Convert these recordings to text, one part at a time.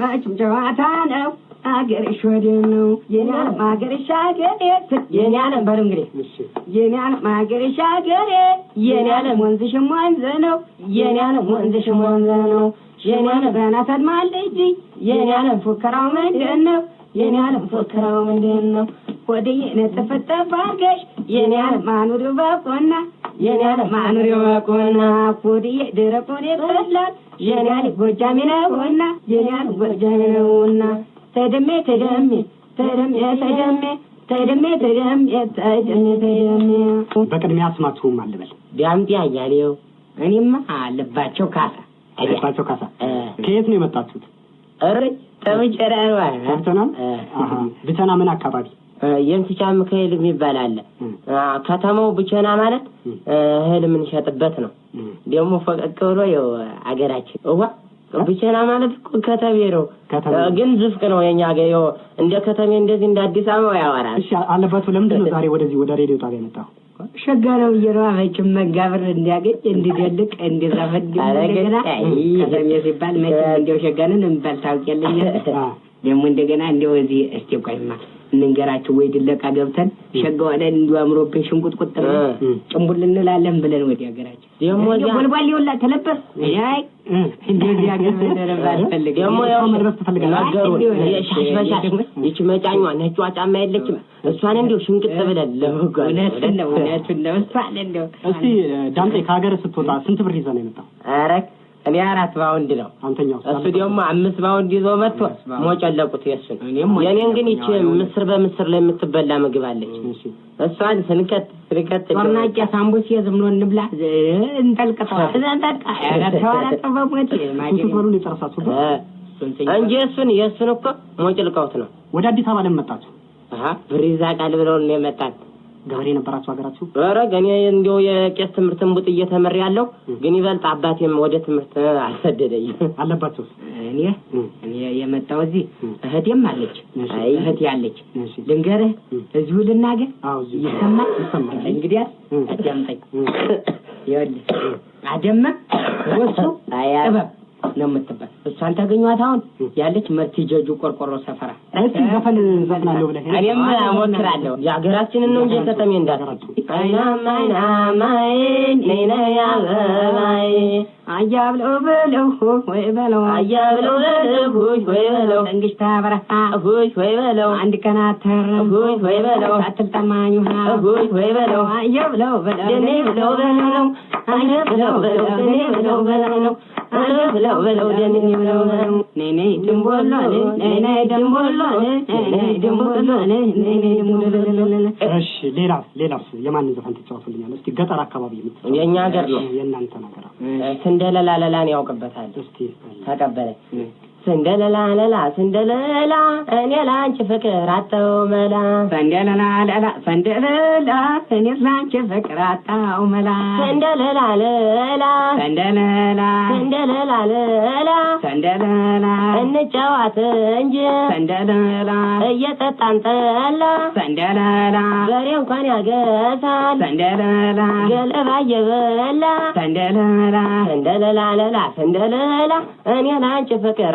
መችም ጨዋታ ነው። አገርሽ ወደን ነው የኔ ዓለም አገርሽ አገሬ የኔ ዓለም በሉ እንግዲህ የኔ ዓለም አገርሽ አገሬ የኔ ዓለም ወንዝሽም ወንዝ ነው የኔ ዓለም ወንዝሽም ወንዝ ነው የኔ ዓለም በናት አድማለች የኔ ዓለም ፉከራው ምንድን ነው የኔ ዓለም ፉከራው ምንድን ነው ወደ የነጠፈጠፍ አርገሽ የኔ ዓለም አኑሪ በቆና የኔያለ ማኑር የወቆና ፉድ ይህድረ ፉድ ይበላል የኔያል ጎጃሜ ነውና የኔያል ጎጃሜ ነውና ተደሜ ተደሜ ተደሜ ተደሜ ተደሜ ተደሜ ተደሜ ተደሜ በቅድሚያ ስማችሁም አልበል ቢያምጤ አያሌው እኔማ አለባቸው ካሳ አለባቸው ካሳ ከየት ነው የመጣችሁት? ነው። ብተና ብተና ምን አካባቢ የእንስቻ ምክኤል የሚባል አለ። ከተማው ብቸና ማለት እህል የምንሸጥበት ነው። ደግሞ ፈቀቅ ብሎ ው አገራችን እዋ ብቸና ማለት ከተሜ ነው፣ ግን ዝፍቅ ነው የኛ ገ እንደ ከተሜ እንደዚህ እንደ አዲስ አበባ ያወራል። እሺ አለባቱ ለምንድን ነው ዛሬ ወደዚህ ወደ ሬዲዮ ጣቢያ የመጣው? ሸጋ ነው እየራበችን መጋብር እንዲያገኝ እንዲደልቅ እንዲራፈድ እንደገና ከተሜ ሲባል መቼም እንዲያው ሸጋንን እንበል ታውቂያለሽ። ደግሞ እንደገና እንዲያው እዚህ እስቲ ቆይማ ልንገራቸው ወይ ድለቃ ገብተን ሸጋ ሆነን እንዲሁ አምሮብን ሽንቁጥቁጥ ጭንቡል እንላለን ብለን ወደ ሀገራችን ጎልባል ይውላ ተለበስ አይ እንደዚህ ሀገር ነጯ ጫማ የለችም እሷን እንዲሁ ሽንቅጥ ብለን ለህግ ዳምጤ ከሀገር ስትወጣ ስንት ብር ይዘን ነው የመጣው? እኔ አራት ባውንድ ነው። አንተኛው እሱ ደግሞ አምስት ባውንድ ይዞ መጥቶ ሞጨለቁት የእሱን። የኔን ግን ይቺ ምስር በምስር ላይ የምትበላ ምግብ አለች። እሷን ስንከት ስንከት ጦርናቄ ሳምቡስ የዝም ነው እንብላ እንጂ እሱን የእሱን እኮ ሞጭልቀውት ነው። ወደ አዲስ አበባ ለመጣችሁ ብር ይዛ ቃል ብለውን ነው የመጣት ገበሬ ነበራችሁ ሀገራችሁ? ኧረ ገኔ እንዲሁ የቄስ ትምህርትን ቡጥ እየተመር ያለው ግን ይበልጥ አባቴም ወደ ትምህርት አልሰደደኝ አለባቸው። እኔ እኔ የመጣው እዚህ እህቴም አለች እህቴ አለች። ልንገርህ እዚሁ ልናገር ይሰማል? እንግዲህ አዳምጠኝ። ይኸውልህ አደመ ወሱ ጥበብ ነው የምትባል። እሷን ታገኟት አሁን ያለች መርቲ ጀጁ ቆርቆሮ ሰፈራ። እስኪ ዘፈን ዘፍናለሁ ብለህ እኔም እሞክራለሁ። የሀገራችንን ነው እንጂ ከተሜ እንዳትረዱ። ወይ በለው አንድ ብለው እሺ ሌላ ሌላ የማንን ዘፈን ትጫወቱልኛል? እስቲ ገጠር አካባቢ የምትጫወቱ የእኛ ሀገር ነው የእናንተ ነገር ስንደለላለላን ያውቅበታል። እስቲ ተቀበለኝ ስንደለላ ለላ ስንደለላ እኔ ላንቺ ፍቅር አጣው መላ ስንደለላ ለላ ስንደለላ እኔ ላንቺ ፍቅር አጣው መላ ስንደለላ ለላ ስንደለላ ስንደለላ ለላ ስንደለላ እንጫዋት እንጂ ስንደለላ እየጠጣን ጠላ ስንደለላ በሬ እንኳን ያገሳል ስንደለላ ገለባ እየበላ ስንደለላ ስንደለላ ለላ ስንደለላ እኔ ላንቺ ፍቅር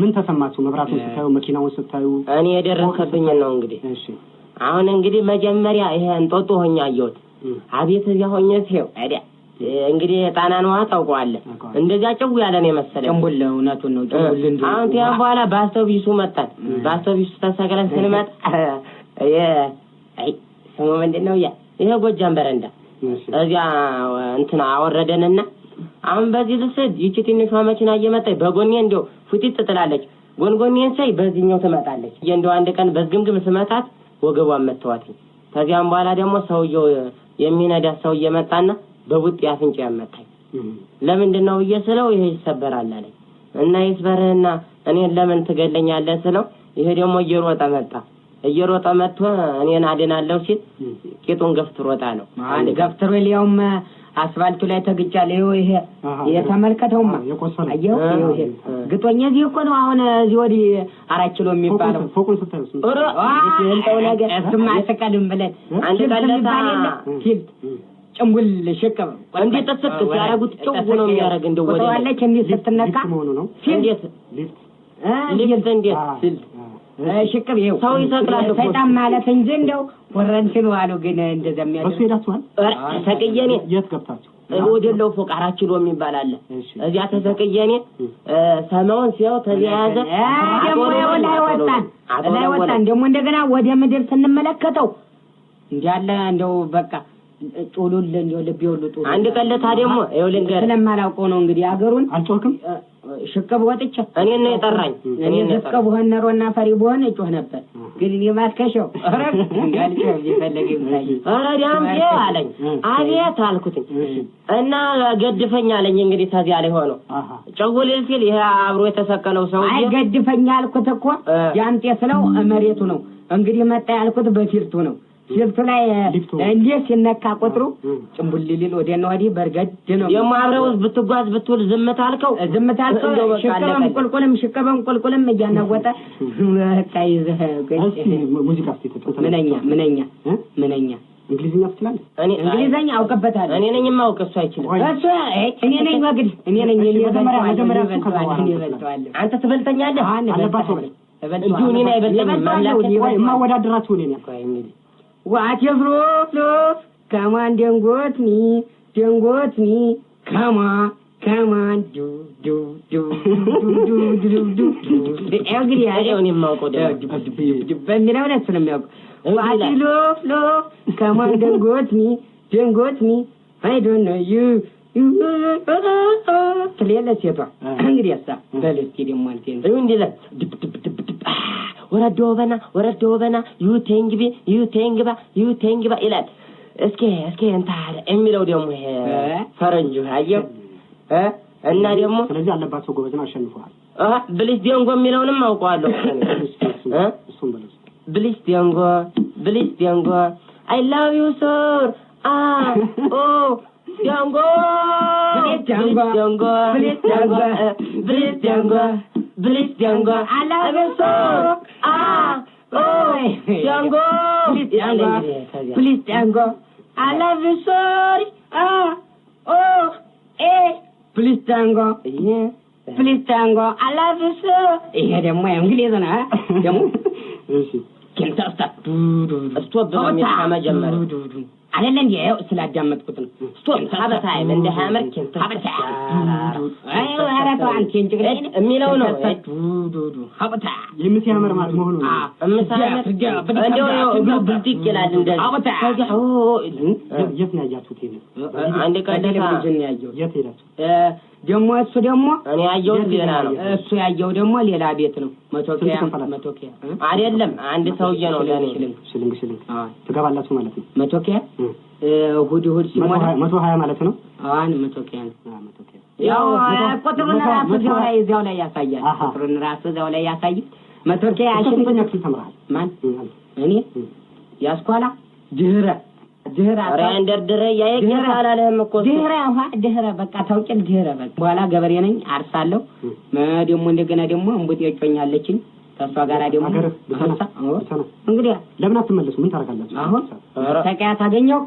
ምን ተሰማችሁ? መብራቱን ስታዩ፣ መኪናውን ስታዩ እኔ የደረሰብኝ ነው እንግዲህ። እሺ አሁን እንግዲህ መጀመሪያ ይሄ እንጦጦ ሆኛ አየሁት። አቤት እዚያ ሆኜ ሲው አዲያ እንግዲህ የጣናን ውሃ ታውቀዋለህ። እንደዚያ ጭው ያለ ነው የመሰለኝ ጭንቡል። እውነቱን ነው ጭንቡል። እንደው አሁን ያን በኋላ በአውቶቢሱ መጣን። በአውቶቢሱ ተሰቅለን ስንመጣ ስሙ ምንድን ነው ያ ይሄ ጎጃም በረንዳ እዚያ እንትን አወረደንና አሁን በዚህ ልብስ ይቺ ትንሿ መኪና እየመጣች በጎኔ እንደው ፉጢጥ ትጥላለች። ጎንጎኔን ሳይ በዚህኛው ትመጣለች። እንደው አንድ ቀን በዝግምግም ስመታት ወገቧን መተዋት። ከዚያም በኋላ ደግሞ ሰውየው የሚነዳ ሰው እየመጣና በቡጥ አፍንጫ ያመታኝ። ለምንድን ነው ብዬ ስለው ይሄ ይሰበራል አለኝ እና ይስበርህና እኔን ለምን ትገለኛለህ ስለው ይሄ ደግሞ እየሮጠ መጣ እየሮጠ መጥቶ እኔን አድናለሁ ሲል ቂጡን ገፍትሮታ ነው ገፍትሮ ሊያውም አስፋልቱ ላይ ተግጫለሁ። ይኸው ይሄ የተመልከተውማ አየው፣ ይኸው ይሄ ግጦኛ እዚህ እኮ ነው። አሁን እዚህ ወዲህ አራት ኪሎ የሚባለው ፎቁን ስታዩ እንጠው ነገር እሱማ አስቀድም ብለን አንድ የሚባል የለ ሲል ጭምብል ሸቀም እንዴት ተሰቅ ሲያረጉት ጭው ነው የሚያረግ እንደው ወደ ወጣለች እንዴ ስትነካ ሲል እንዴት ሊፍት እንዴት ሲል ሽቅብ ይኸው ሰው ይሰቅላል። ሰይጣን ማለት እንጂ እንደው ወረንት ነው አሉ። ግን እንደዛ የሚያደርግ እሱ ሄዳችኋል? ተቅየኔ የት ገብታችሁ? ወደለው ፎቅ አራት ኪሎ የሚባል አለ። እዚያ ተሰቅየኔ ሰማውን ሲያው ተያያዘ። ደግሞ ላይ ወጣን፣ ላይ ወጣን። ደግሞ እንደገና ወደ ምድር ስንመለከተው እንዲያለ እንደው በቃ ጦሉል እንደው ልብ ይወሉ ጦሉ አንድ ቀለታ ደግሞ ይኸው ልንገርህ ስለማላውቀው ነው እንግዲህ አገሩን አልጮህክም ሽቅብ ወጥቼ እኔን ነው የጠራኝ። ሽቅብ ብሆን ኖሮና ፈሪ ብሆን እጮህ ነበር፣ ግን እኔ ማትከሻው ኧረ ዳምጤ አለኝ። አቤት አልኩትኝ እና ገድፈኝ አለኝ። እንግዲህ ተዚያ ላይ ሆኖ ጨውልል ሲል ይሄ አብሮ የተሰቀለው ሰው አይ ገድፈኝ አልኩት እኮ ዳምጤ ስለው መሬቱ ነው እንግዲህ መጣ ያልኩት በፊርቱ ነው ሽፍቱ ላይ እንዴት ሲነካ ቁጥሩ ጭምብል ሊል ወዲያ ነው ወዲህ በርገድ ነው የማብረው ብትጓዝ ብትውል ዝምታ አልከው ዝምታ አልከው ሽቅበም ቁልቁልም ሽቅበም ቁልቁልም እያናወጠ ታይዘህ ሙዚቃ ምንኛ ምንኛ ምንኛ እንግሊዝኛ ትችላለህ? እኔ እንግሊዝኛ አውቅበታለሁ። እኔ ነኝ የማውቅ፣ እሱ አይችልም። እሱ እኔ ነኝ ወግድ እኔ ነኝ እበልጠዋለሁ። አንተ ትበልጠኛለህ። እኔን አይበልጠኝም። ማወዳደራችሁ እኔ ነኝ Watch your fluff, fluff. Come on, don't go at me. Don't go at me. Come on. Come on. Do, do, do, do, do, do, do, do, do. The angry eye. I don't even know what to do. But Watch your fluff, fluff. Come on, don't go at me. Don't go at me. I don't know you. Kelihatan siapa? Ah. Angry asa. Hmm. Balik kiri mantin. Tapi ini lah. Dup, dup, dup. ወረዶበና ወረዶበና ዩቴንግቢ ዩቴንግባ ዩቴንግባ ይላል። እስኪ እስኪ እንታለ የሚለው ደግሞ ይሄ ፈረንጁ አየው እና ደግሞ ስለዚህ አለባቸው ጎበዝ አሸንፈዋል። ብሊስ ዲያንጎ የሚለውንም አውቀዋለሁ። ብሊስ ዲያንጎ ብሊስ ዲያንጎ አይ ላቭ ዩ ሶር አ ኦ ዲያንጎ ብሊስ ዲያንጎ ብሊስ ዲያንጎ ብሊስ ዲያንጎ Blitz-Django. Alla Blitz-Django. Ah, oh, Django. Blitz-Django. Blitz-Django. Alla visori. Ah, oh, eh. Blitz-Django. Yeah. Blitz-Django. Alla visori. Eh, det är många ingliser nu. Det är många. كنت أستطيع أستطيع أن أتعامل አይደለም የው ስላዳመጥኩት ነው። ስቶፕ ሀበታይ እንደ ሀመርኪን ሀበታይ አይ አራቱ አንቺ እንጂ የሚለው ነው ማለት መሆኑ ነው። እንደው ይላል እንደዚህ የት ነው ያያችሁት? ይሄ አንዴ የት ሄዳችሁ ደግሞ እሱ ደግሞ እኔ ያየሁት ዜና ነው። እሱ ያየው ደግሞ ሌላ ቤት ነው። መቶኪያ መቶኪያ አይደለም አንድ ሰውዬ ነው ለኔ ስልንግ ሽልንግ ትገባላችሁ ማለት ነው መቶኪያ እሁድ እሑድ ሲሞላ መቶ ሀያ ማለት ነው። አዋን መቶ ኪያን ያው ቁጥሩን ራሱ እዚያው ላይ እዚያው ላይ ያሳያል። ቁጥሩን ራሱ እዚያው ላይ ያሳያል። መቶ ኪያ ያሽን ክፍል ተምረሃል? ማን እኔ ያስኳላ ድህረ ድህረ እኮ ድህረ ድህረ በቃ ታውቂል ድህረ በቃ በኋላ ገበሬ ነኝ አርሳለሁ። ደግሞ እንደገና ደግሞ እምቡጥ የጮኛለችኝ ከእሷ ጋር ደግሞ እንግዲህ ለምን አትመለሱ? ምን ታደርጋላችሁ? አሁን ታገኘው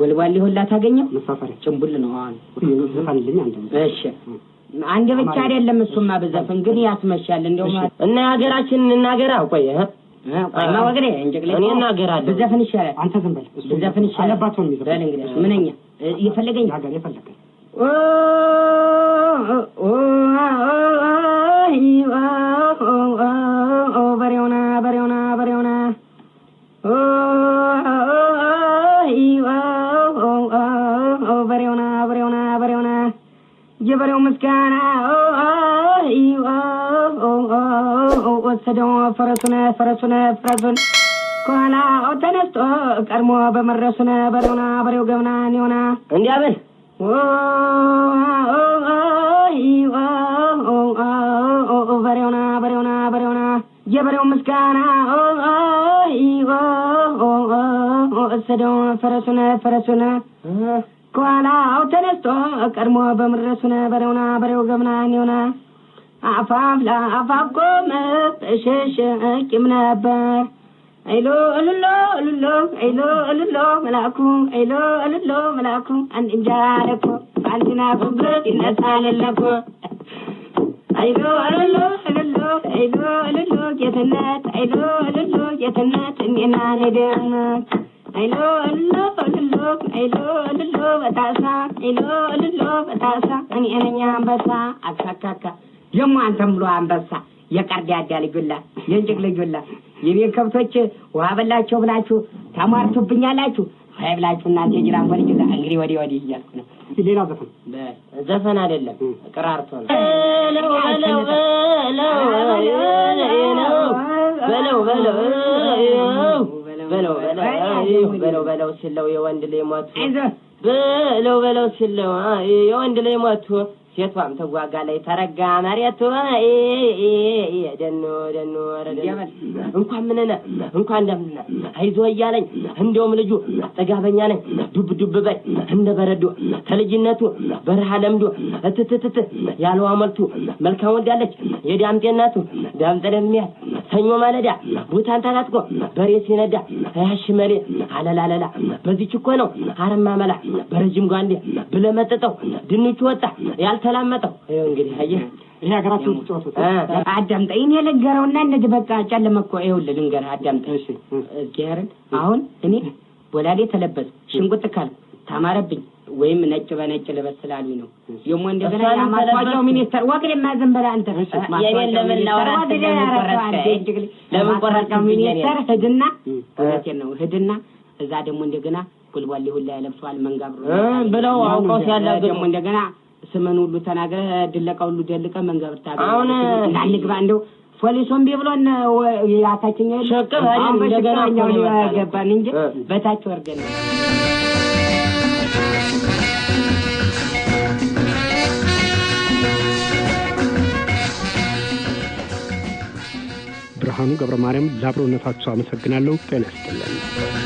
ወልዋል ሊሆላ ታገኘው መሳፈሪ ጭምብል ነው። እሺ አንድ ብቻ አይደለም እሱማ ብዘፍን ግን ያስመሻል። እንደው እና ሀገራችንን እናገራ ቆይ ማወግሬ እንጀግለ እኔ እናገራለሁ ብዘፍን ይሻላል። አንተ ዝም በል ብዘፍን ይሻላል። አለባት ሆን ይዘፍን እንግዲህ ምንኛ ይፈልገኝ ሀገር ይፈልገኝ ኦ ኦ ኦ ኦ የበሬው ምስጋና ወሰደው ፈረሱን ፈረሱን ፈረሱን ከኋላ ተነስቶ ቀድሞ በመድረሱን በሬውና በሬው ገብና ሆና እንዲህ አበል በሬውና በሬውና በሬውና የበሬው ምስጋና ወሰደው ፈረሱን ፈረሱን ከኋላው ተነስቶ ቀድሞ በመድረሱን በሬውና በሬው ገብና ኒውና አፋፍላ ለአፋፍ ቆመ ተሸሸቂም ነበር አይሎ እልሎ እልሎ አይሎ እልሎ መላኩ አይሎ እልሎ መላኩ አንድ እንጃ ለኮ በአንድ ናፍቆት ይነሳል ለኮ አይሎ እልሎ እልሎ አይሎ እልሎ ጌትነት አይሎ እልሎ ጌትነት እኔና ነደነት ilo አንበሳ አካካካ ደሞ አንተም ብሎ አንበሳ የቀርዳዳ ልጁላ የእንጭቅ ልጁላ የቤት ከብቶች ውሃ በላቸው ብላችሁ ተማርቱብኛላችሁ። አይ ብላችሁ እናንተ የጅራን ወልጅ እንግዲህ ወዲህ ወዲህ እያልኩ ነው። ሌላ ዘፈን ዘፈን አይደለም ቅራርቶ ነው። በለው በለው በለው በለው በለው በለው ሲለው የወንድ ላይ ሟቱ በለው በለው ሲለው የወንድ ላይ ሞቱ ሴቷም ተጓጋ ላይ ተረጋ መሬቱ ደኖ ደኖ እንኳን ምንነ እንኳን እንደምንነ አይዞ እያለኝ እንደውም ልጁ ጥጋበኛ ነኝ ዱብ ዱብ በይ እንደ በረዶ ከልጅነቱ በረሃ ለምዶ እትትትት ያለው አመልቱ መልካም ወልዳለች የዳምጤናቱ ዳምጠ ደሚያል ሰኞ ማለዳ ቦታን ተላትቆ በሬ ሲነዳ ያሽመሌ አለላለላ በዚች እኮ ነው አረማ መላ በረጅም ጓንዴ ብለመጠጠው ድንቹ ወጣ ያልተላመጠው። ይኸው እንግዲህ አየህ ይሄ ሀገራችን ስትጫወቱት አዳምጣ። እኔ ልንገረውና እነዚህ በቃ ጨለመ እኮ። ይኸውልህ ልንገርህ አዳምጣ። አሁን እኔ ወላዴ ተለበስ ሽንቁጥ ካልኩ ታማረብኝ ወይም ነጭ በነጭ ልበስ ስላሉኝ ነው። ደግሞ እንደገና የማስታወቂያው ሚኒስተር ወቅድ የማዘንበላ አንተ ማስታወቂያው ሚኒስተር ህድና እውነቴን ነው ህድና እዛ ደግሞ እንደገና ጉልባሌ ሁላ ያለብሰዋል መንጋብሮ ብለው አውቀው ሲያላግ ደግሞ እንደገና ስምን ሁሉ ተናግረ ድለቃ ሁሉ ደልቀ መንገብር ታገ አሁን እንዳንግባ እንደው ፖሊሱም ቢብሎን ያታችኛል ሸቅብ እንደገና ገባን እንጂ በታች ወርደን ብርሃኑ ገብረ ማርያም ለአብሮነታቸው አመሰግናለሁ። ጤና ይስጥልን።